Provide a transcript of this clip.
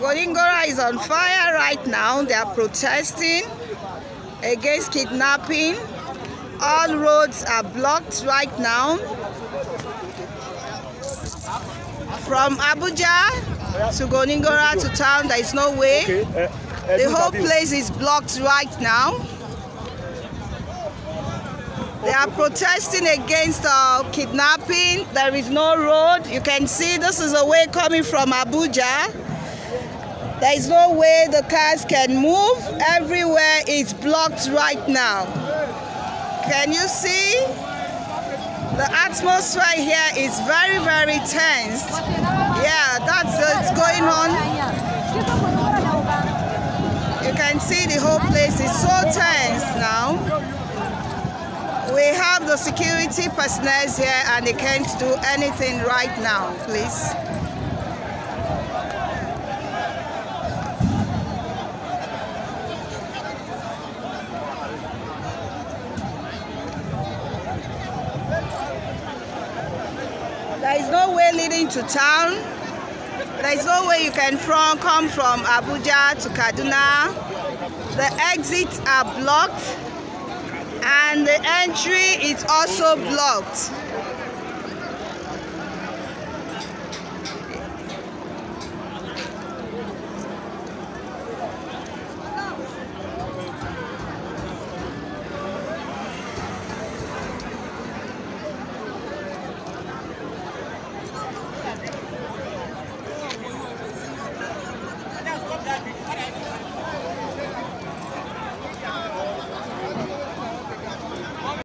Golingora is on fire right now. They are protesting against kidnapping. All roads are blocked right now. From Abuja to Goningora to town, there is no way. Uh, uh, the whole place is blocked right now. They are protesting against uh, kidnapping. There is no road. You can see this is a way coming from Abuja. There is no way the cars can move. Everywhere is blocked right now. Can you see? The atmosphere here is very, very tense. Yeah, that's what's going on. You can see the whole place is so tense now. We have the security personnel here and they can't do anything right now, please. There's no way leading to town. There's no way you can from, come from Abuja to Kaduna. The exits are blocked and the entry is also blocked.